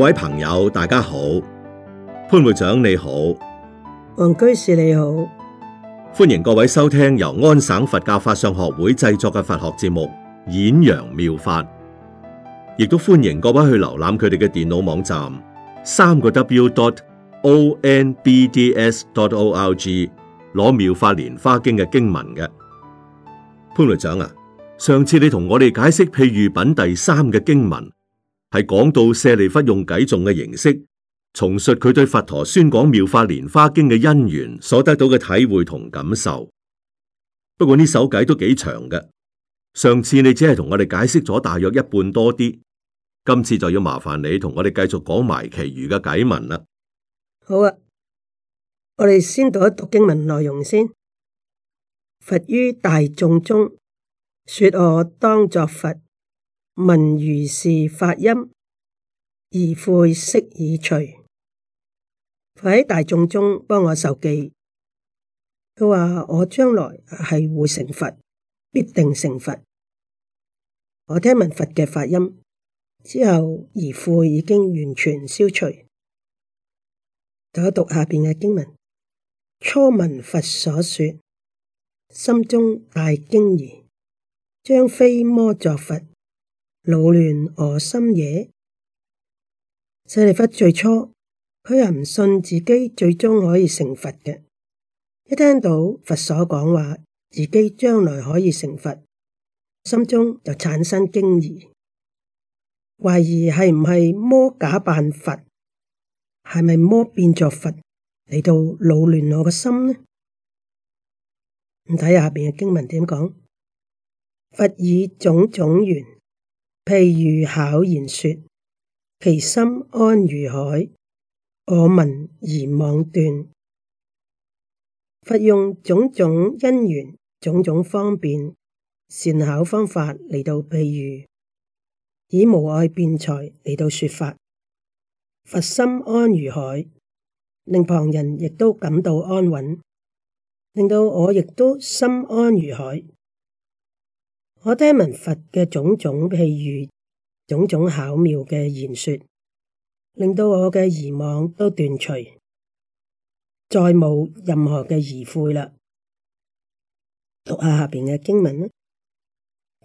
各位朋友，大家好，潘會長你好，王居士你好，歡迎各位收聽由安省佛教法相學會製作嘅佛學節目《演揚妙法》，亦都歡迎各位去瀏覽佢哋嘅電腦網站，三個 w.dot.o.n.b.d.s.dot.o.l.g 攞妙法蓮花經嘅經文嘅。潘會長啊，上次你同我哋解釋譬喻品第三嘅經文。係講到舍利弗用偈頌嘅形式，重述佢對佛陀宣講《妙法蓮華經》嘅因緣所得到嘅體會同感受。不過呢首偈都幾長嘅，上次你只係同我哋解釋咗大約一半多啲，今次就要麻煩你同我哋繼續講埋其餘嘅偈文啦。好啊，我哋先讀一讀經文內容先。佛於大眾中說：我當作佛。聞如是法音，而悔悉已除。佢喺大眾中幫我受記，佢話我將來係會成佛，必定成佛。我聽聞佛嘅法音之後，而悔已經完全消除。讀讀下邊嘅經文：初聞佛所說，心中大驚疑，將非魔作佛。老亂我心也，舍利弗最初佢又唔信自己最終可以成佛嘅。一聽到佛所講話，自己將來可以成佛，心中就產生驚疑，懷疑係唔係魔假扮佛，係咪魔變作佛嚟到老亂我嘅心呢？唔睇下下邊嘅經文點講？佛以種種緣。譬如巧言說，其心安如海。我聞而妄斷。佛用種種因緣、種種方便、善巧方法嚟到譬喻，以無礙辯才嚟到說法。佛心安如海，令旁人亦都感到安穩，令到我亦都心安如海。我聽聞佛嘅種種譬喻，種種巧妙嘅言說，令到我嘅疑網都斷除，再冇任何嘅疑悔啦。讀下下邊嘅經文啦。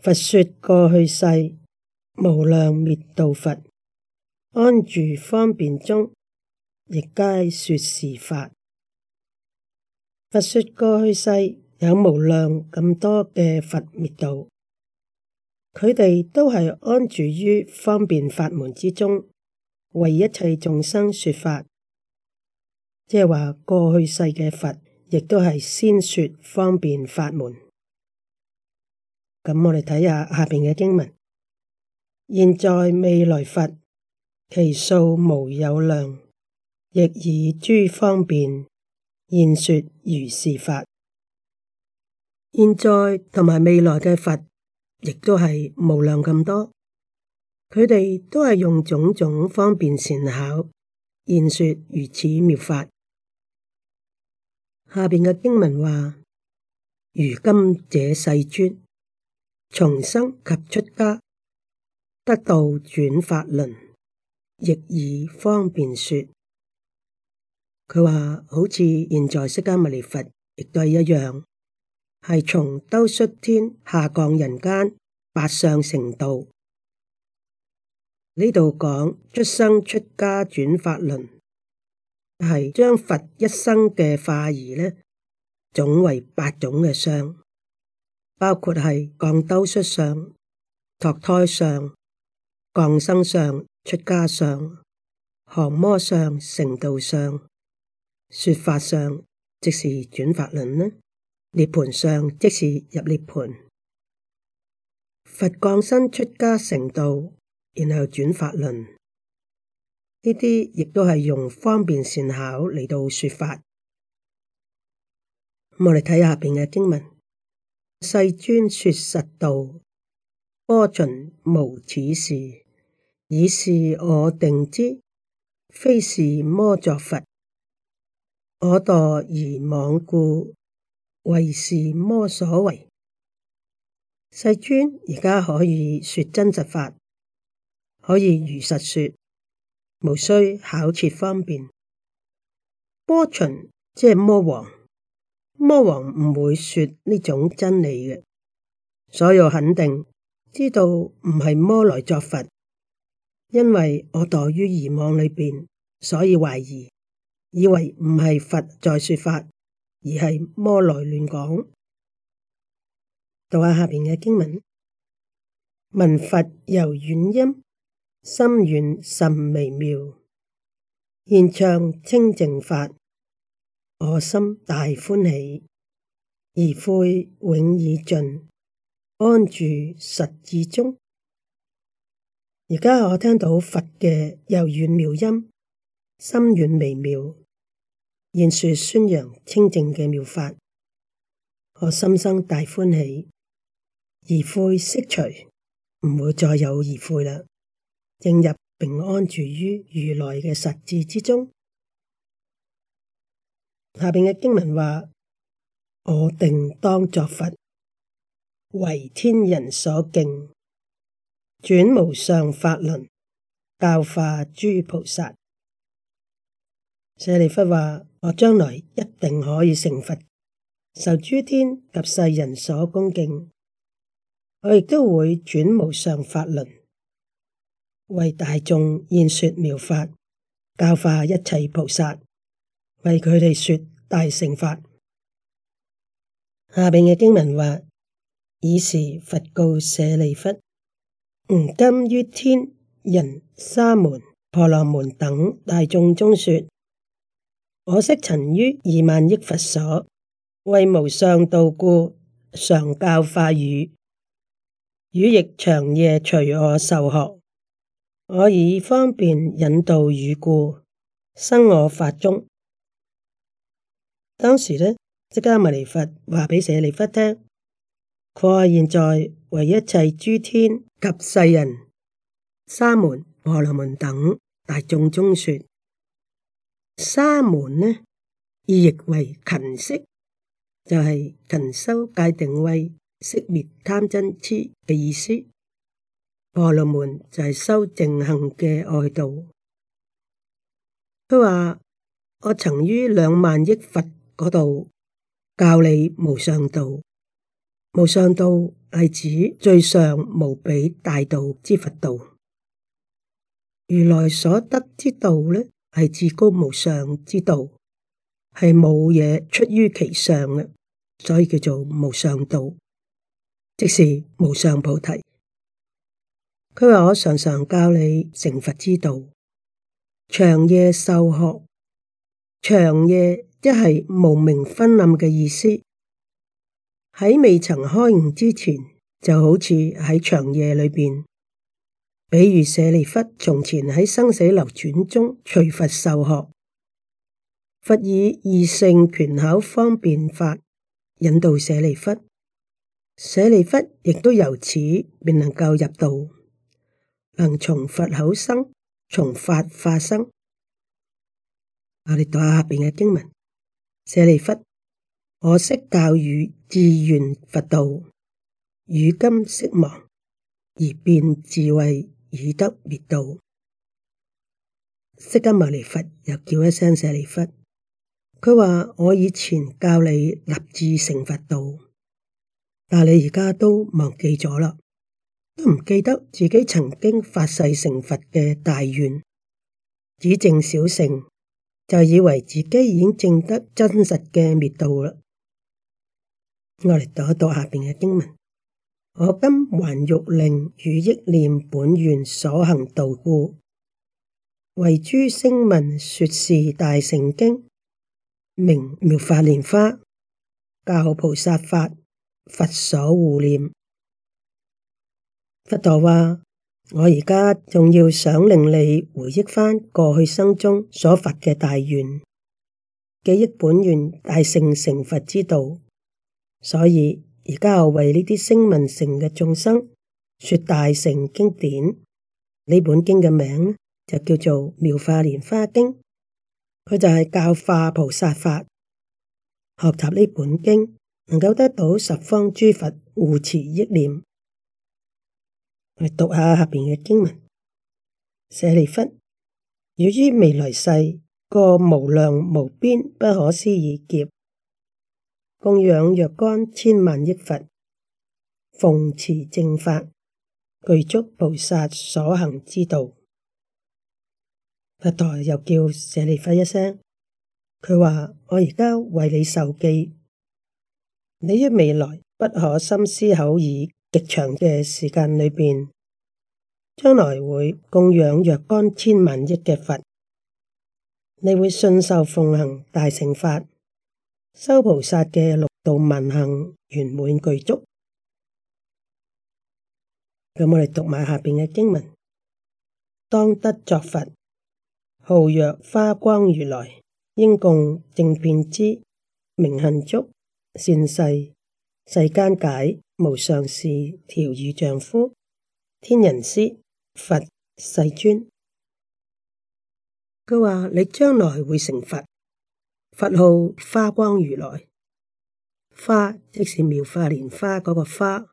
佛說過去世無量滅度佛安住方便中，亦皆說是法。佛說過去世有無量咁多嘅佛滅度。佢哋都係安住於方便法門之中，為一切眾生說法。即係話過去世嘅佛，亦都係先說方便法門。咁我哋睇下下邊嘅經文：現在未來佛，其數無有量，亦以諸方便，現說如是法。現在同埋未來嘅佛。亦都係無量咁多，佢哋都係用種種方便善巧言説如此妙法。下邊嘅經文話：如今者世尊從生及出家，得道轉法輪，亦以方便説。佢話好似現在釋迦牟尼佛亦都係一樣。係從兜率天下降人間，八相成道。呢度講出生出家轉法輪，係將佛一生嘅化儀呢，總為八種嘅相，包括係降兜率相、託胎相、降生相、出家相、降魔相、成道相、説法相，即是轉法輪呢。涅盤上即是入涅盤，佛降身出家成道，然後轉法輪，呢啲亦都係用方便善巧嚟到說法。咁我嚟睇下下邊嘅經文：世尊說實道，波旬無此事，以是我定知，非是魔作佛，我墮疑網故。為是魔所為，世尊而家可以說真實法，可以如實說，無需巧設方便。波旬即係魔王，魔王唔會說呢種真理嘅，所以我肯定知道唔係魔來作佛，因為我墮於疑妄裏邊，所以懷疑，以為唔係佛在說法。而係摸來亂講，讀下下邊嘅經文：聞佛柔軟音，深遠甚微妙。演暢清淨法，我心大歡喜，疑悔永已盡，安住實智中。而家我聽到佛嘅柔軟妙音，深遠微妙。現說宣揚清淨嘅妙法，我心生大歡喜，而悔釋除，唔會再有而悔啦。應入並安住於如來嘅實智之中。下邊嘅經文話：我定當作佛，為天人所敬，轉無上法輪，教化諸菩薩。舍利弗話。我將來一定可以成佛，受諸天及世人所恭敬。我亦都會轉無上法輪，為大眾演說妙法，教化一切菩薩，為佢哋說大乘法。下邊嘅經文話：以是佛告舍利弗，吾今於天人、沙門、婆羅門等大眾中說。我昔曾於二萬億佛所，為無上道故，常教化汝。汝亦長夜隨我受學，我以方便引導汝故，生我法中。當時呢，釋迦牟尼佛話畀舍利弗聽，佢話：現在為一切諸天及世人、沙門、婆羅門等大衆中說。沙門呢，意譯為勤息，就係、是、勤修戒定位，為息滅貪瞋痴嘅意思。婆羅門就係修正行嘅外道。佢話我曾於兩萬億佛嗰度教你無上道。無上道係指最上無比大道之佛道。如來所得之道呢？係至高無上之道，係冇嘢，出於其上嘅，所以叫做無上道，即是無上菩提。佢話我常常教你成佛之道，長夜受學，長夜即係無明昏暗嘅意思，喺未曾開悟之前，就好似喺長夜裏邊。比如舍利弗從前喺生死流轉中隨佛受學，佛以二乘權巧方便法引導舍利弗，舍利弗亦都由此便能夠入道，能從佛口生，從法化生。我哋讀下下邊嘅經文：舍利弗，我昔教汝志願佛道，如今悉忘而便智慧。以得滅度，釋迦牟尼佛又叫一聲舍利弗，佢話：我以前教你立志成佛道，但你而家都忘記咗啦，都唔記得自己曾經發誓成佛嘅大願，只證小成，就以為自己已經證得真實嘅滅度啦。我嚟讀一讀下邊嘅經文。我今還欲令汝憶念本願所行道故，為諸聲聞說是大乘經，名妙法蓮花教菩薩法，佛所護念。佛陀話：我而家仲要想令你回憶返過去生中所發嘅大願，記憶本願大乘成佛之道，所以。而家我為呢啲聲聞乘嘅眾生說大乘經典，呢本經嘅名就叫做《妙法蓮華經》，佢就係教化菩薩法。學習呢本經，能夠得到十方諸佛護持憶念。嚟讀下下邊嘅經文：舍利弗，由於未來世個無量無邊不可思議劫。供養若干千萬億佛，奉持正法，具足菩薩所行之道。佛陀又叫舍利弗一聲，佢話：我而家為你受記，你喺未來不可心思口耳極長嘅時間裏邊，將來會供養若干千萬億嘅佛，你會信受奉行大乘法。修菩薩嘅六度萬行圓滿具足，咁我哋讀埋下邊嘅經文：當得作佛，號若花光如來，應供正遍知，明行足，善逝，世間解，無上士，調御丈夫，天人師，佛世尊。佢話你將來會成佛。佛號花光如來，花即是妙法蓮花嗰個花，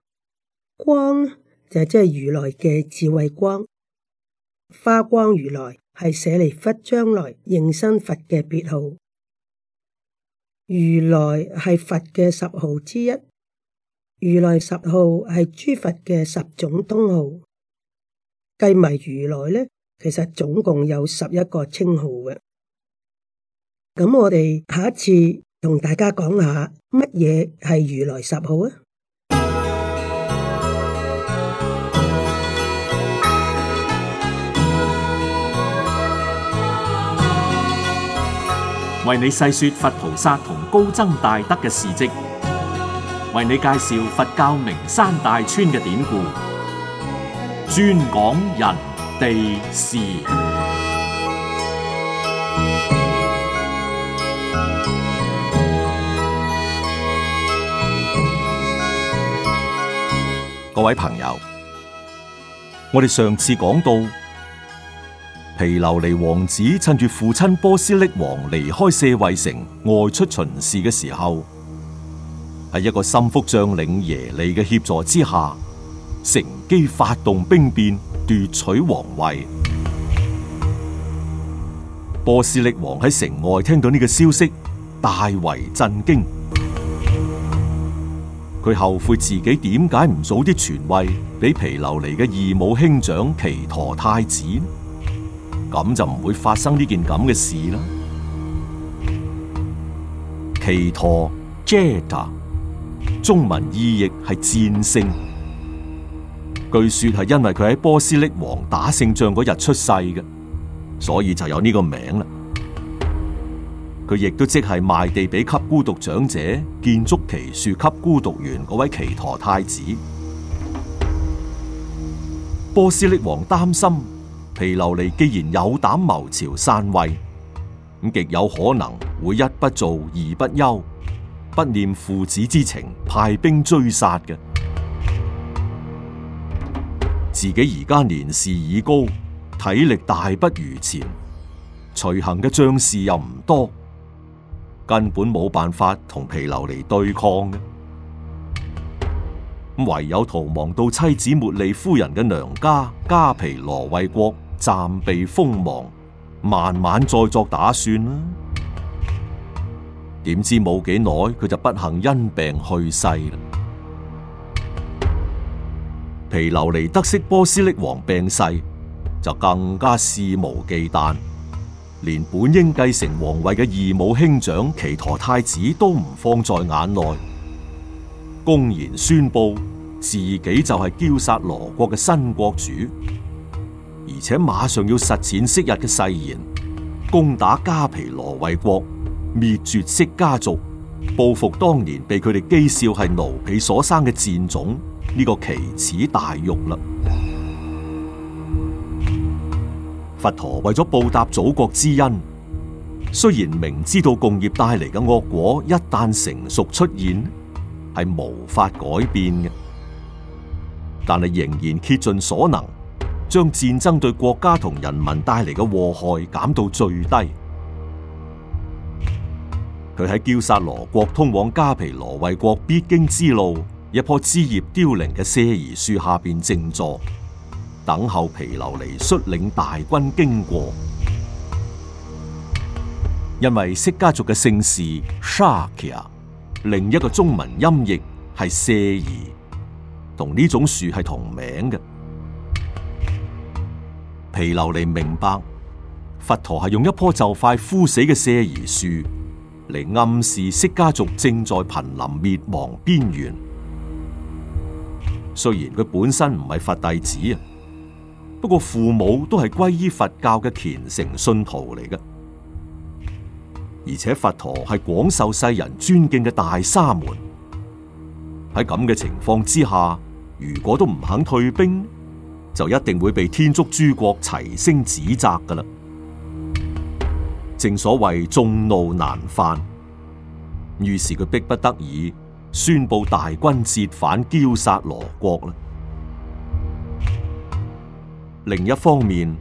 光就即、是、係如來嘅智慧光。花光如來係舍利弗將來應身佛嘅別號。如來係佛嘅十號之一，如來十號係諸佛嘅十種通號。計埋如來呢，其實總共有十一個稱號嘅。咁我哋下一次同大家講下乜嘢係如來十號啊？為你細說佛菩薩同高僧大德嘅事跡，為你介紹佛教名山大川嘅典故，專講人地事。各位朋友，我哋上次講到，毗琉璃王子趁住父親波斯匿王離開舍衛城外出巡視嘅時候，喺一個心腹將領耶利嘅協助之下，乘機發動兵變奪取皇位。波斯匿王喺城外聽到呢個消息，大為震驚。佢後悔自己點解唔早啲傳位俾毗琉璃嘅義母兄長祇陀太子呢，咁就唔會發生呢件咁嘅事啦。祇陀 Jeta 中文意譯係戰勝。據說係因為佢喺波斯匿王打勝仗嗰日出世嘅，所以就有呢個名啦。佢亦都即係賣地俾給孤獨長者，建築祇樹給孤獨園嗰位祇陀太子。波斯匿王擔心毗琉璃既然有膽謀朝篡位，咁極有可能會一不做二不休，不念父子之情，派兵追殺嘅。自己而家年事已高，體力大不如前，隨行嘅將士又唔多。根本冇辦法同毗琉璃對抗，唯有逃亡到妻子茉莉夫人嘅娘家迦毗羅衛國暫避鋒芒，慢慢再作打算啦。點知冇幾耐，佢就不幸因病去世。毗琉璃得悉波斯匿王病逝，就更加肆無忌憚。連本應繼承皇位嘅異母兄長祇陀太子都唔放在眼內，公然宣布自己就係驕殺羅國嘅新國主，而且馬上要實踐昔日嘅誓言，攻打迦毗羅衛國，滅絕釋迦家族，報復當年被佢哋譏笑係奴婢所生嘅戰種呢個奇恥大辱啦！佛陀為咗報答祖國之恩，雖然明知道共業帶嚟嘅惡果一旦成熟出現係無法改變嘅，但係仍然竭盡所能，將戰爭對國家同人民帶嚟嘅禍害減到最低。佢喺憍薩羅國通往迦毗羅衛國必經之路，一棵枝葉凋零嘅娑羅樹下邊靜坐。等候毗琉璃率領大軍經過，因為釋迦族嘅姓氏 Sharkia，另一個中文音譯係舍兒，同呢種樹係同名嘅。毗琉璃明白，佛陀係用一棵就快枯死嘅舍兒樹嚟暗示釋迦族正在瀕臨滅亡邊緣。雖然佢本身唔係佛弟子啊。不過父母都係皈依佛教嘅虔誠信徒嚟嘅，而且佛陀係廣受世人尊敬嘅大沙門。喺咁嘅情況之下，如果都唔肯退兵，就一定會被天竺諸國齊聲指責㗎啦。正所謂眾怒難犯，於是佢逼不得已宣布大軍折返，剿殺羅國啦。另一方面，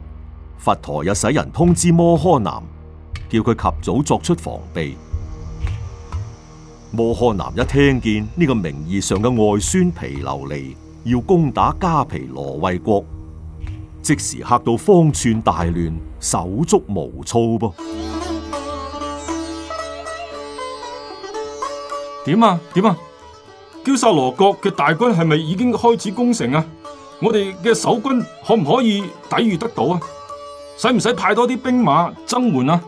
佛陀又使人通知摩訶男，叫佢及早作出防備。摩訶男一聽見呢個名義上嘅外孫毗琉璃，要攻打迦毗羅衛國，即時嚇到方寸大亂，手足無措噃。點啊，點啊！憍薩羅國嘅大軍係咪已經開始攻城啊？我哋嘅守軍可唔可以抵禦得到啊？使唔使派多啲兵馬增援啊？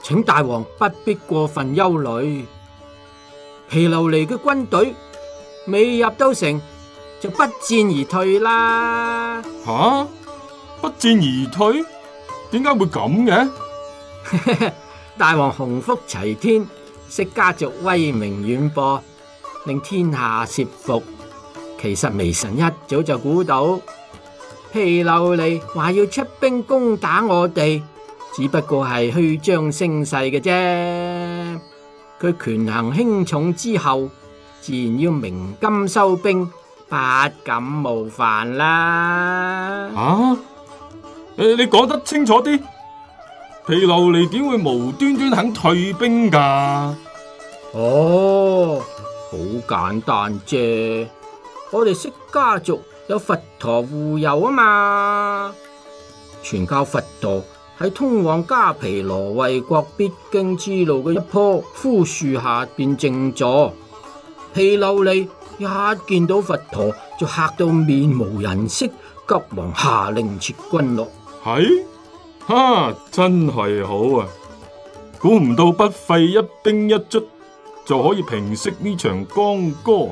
請大王不必過分憂慮，毗琉璃嘅軍隊未入都城，就不戰而退啦。吓、啊，不戰而退，點解會咁嘅？ 大王洪福齊天，釋迦族威名遠播，令天下懾服。其實微臣一早就估到，毗琉璃話要出兵攻打我哋，只不過係虛張聲勢嘅啫。佢權衡輕重之後，自然要鳴金收兵，不敢冒犯啦。啊？誒，你講得清楚啲，毗琉璃點會無端端肯退兵㗎？哦，好簡單啫。我哋釋迦族有佛陀護佑啊嘛，全靠佛陀喺通往迦毗羅衛國必經之路嘅一棵枯樹下邊靜坐。毗琉璃一見到佛陀就嚇到面無人色，急忙下令撤軍落。係，哈真係好啊，估唔到不費一兵一卒就可以平息呢場干戈。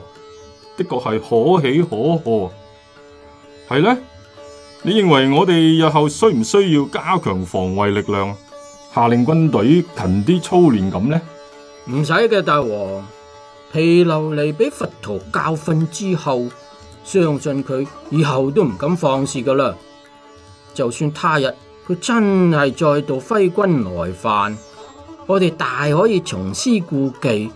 的確係可喜可賀。係呢？你認為我哋日後需唔需要加強防衛力量，下令軍隊勤啲操練咁呢？唔使嘅，大王。毗琉璃俾佛陀教訓之後，相信佢以後都唔敢放肆噶啦。就算他日佢真係再度揮軍來犯，我哋大可以重施故技，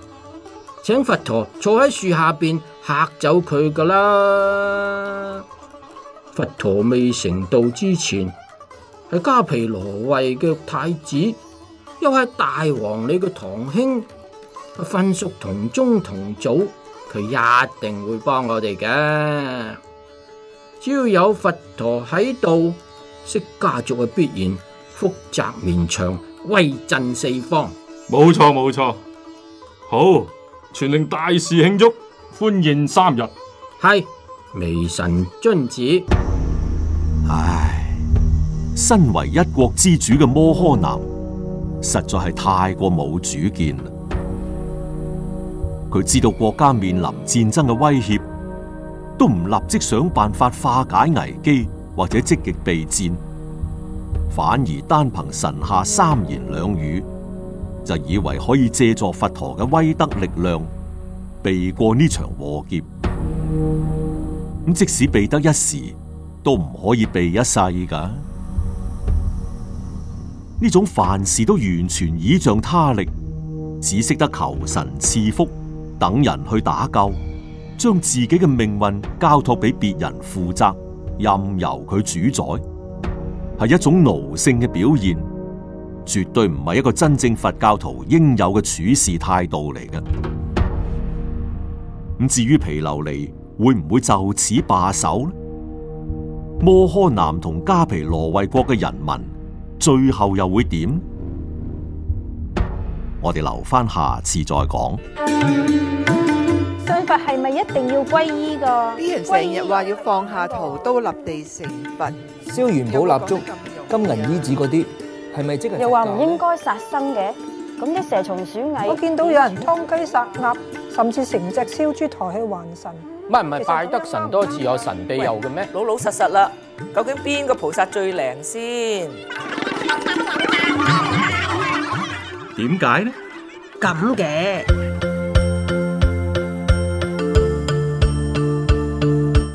請佛陀坐喺樹下邊，嚇走佢㗎啦！佛陀未成道之前，係迦毗羅衛嘅太子，又係大王你嘅堂兄，分屬同宗同祖，佢一定會幫我哋嘅。只要有佛陀喺度，釋迦族係必然福澤綿長，威震四方。冇錯冇錯，好，全令大事慶祝。歡迎三日。係，微臣遵旨。唉，身為一國之主嘅摩訶男，實在係太過冇主見。佢知道國家面臨戰爭嘅威脅，都唔立即想辦法化解危機或者積極備戰，反而單憑神下三言兩語，就以為可以借助佛陀嘅威德力量，避過呢場禍劫，咁即使避得一時，都唔可以避一世噶。呢種凡事都完全倚仗他力，只識得求神賜福，等人去打救，將自己嘅命運交託俾別人負責，任由佢主宰，係一種奴性嘅表現，絕對唔係一個真正佛教徒應有嘅處事態度嚟嘅。至於毗琉璃會唔會就此罷手咧？摩訶男同迦毗羅衛國嘅人民最後又會點？我哋留翻下，下次再講。信佛係咪一定要皈依噶？啲人成日話要放下屠刀立地成佛，燒元寶蠟燭、金銀衣紙嗰啲，係咪即係？又話唔應該殺生嘅？咁啲蛇蟲鼠蟻，我見到有人殺雞殺鴨。甚至成隻燒豬抬起還神，唔係，唔係拜得神多自有神庇佑嘅咩？老老實實啦，究竟邊個菩薩最靈先？點解呢？咁嘅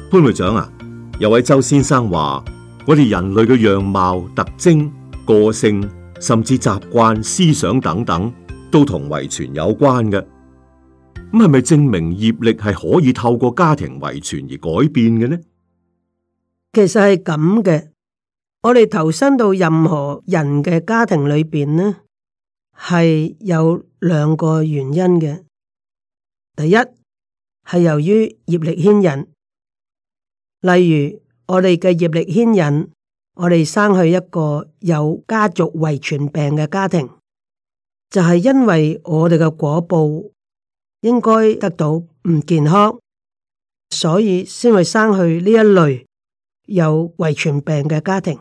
潘會長啊，有位周先生話：我哋人類嘅樣貌、特徵、個性，甚至習慣、思想等等，都同遺傳有關嘅。咁係咪證明業力係可以透過家庭遺傳而改變嘅呢？其實係咁嘅，我哋投身到任何人嘅家庭裏邊呢，係有兩個原因嘅。第一係由於業力牽引，例如我哋嘅業力牽引，我哋生去一個有家族遺傳病嘅家庭，就係因為我哋嘅果報。應該得到唔健康，所以先會生去呢一類有遺傳病嘅家庭。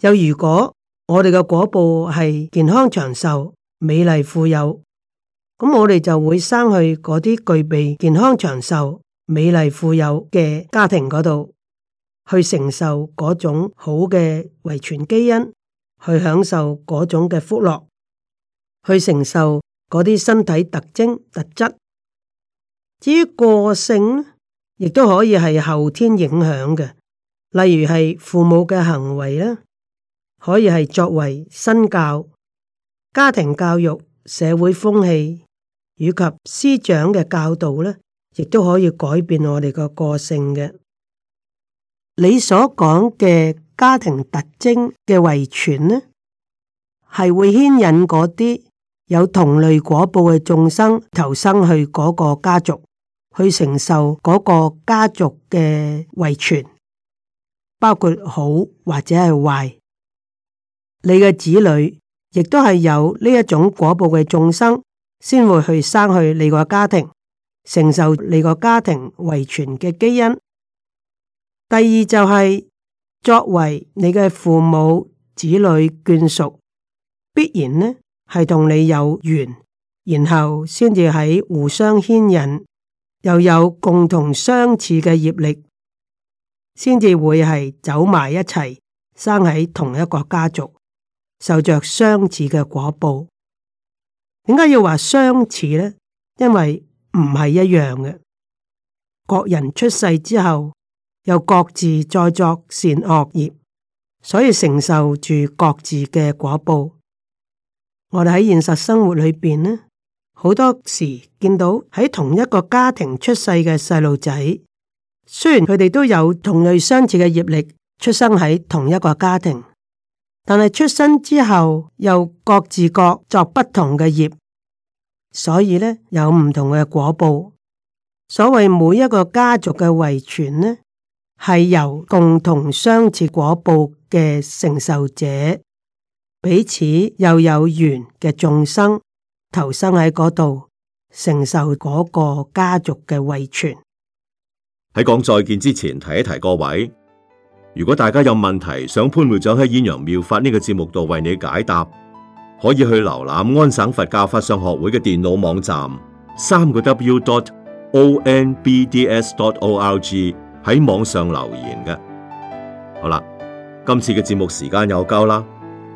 又如果我哋嘅果報係健康長壽、美麗富有，咁我哋就會生去嗰啲具備健康長壽、美麗富有嘅家庭嗰度，去承受嗰種好嘅遺傳基因，去享受嗰種嘅福樂，去承受。嗰啲身體特徵特質，至於個性咧，亦都可以係後天影響嘅，例如係父母嘅行為啦，可以係作為身教、家庭教育、社會風氣以及師長嘅教導咧，亦都可以改變我哋個個性嘅。你所講嘅家庭特徵嘅遺傳呢，係會牽引嗰啲。有同類果報嘅眾生投生去嗰個家族，去承受嗰個家族嘅遺傳，包括好或者係壞。你嘅子女亦都係有呢一種果報嘅眾生，先會去生去你個家庭，承受你個家庭遺傳嘅基因。第二就係、是、作為你嘅父母、子女眷屬，必然呢？係同你有緣，然後先至喺互相牽引，又有共同相似嘅業力，先至會係走埋一齊，生喺同一個家族，受着相似嘅果報。點解要話相似呢？因為唔係一樣嘅，各人出世之後，又各自再作善惡業，所以承受住各自嘅果報。我哋喺現實生活裏邊呢，好多時見到喺同一個家庭出世嘅細路仔，雖然佢哋都有同類相似嘅業力，出生喺同一個家庭，但係出生之後又各自各作不同嘅業，所以呢，有唔同嘅果報。所謂每一個家族嘅遺傳呢，係由共同相似果報嘅承受者。彼此又有緣嘅眾生投生喺嗰度，承受嗰個家族嘅遺傳。喺講再見之前，提一提各位，如果大家有問題想潘會長喺演揚妙法呢個節目度為你解答，可以去瀏覽安省佛教法相學會嘅電腦網站，三個 w dot o n b d s dot o r g 喺網上留言嘅。好啦，今次嘅節目時間又夠啦。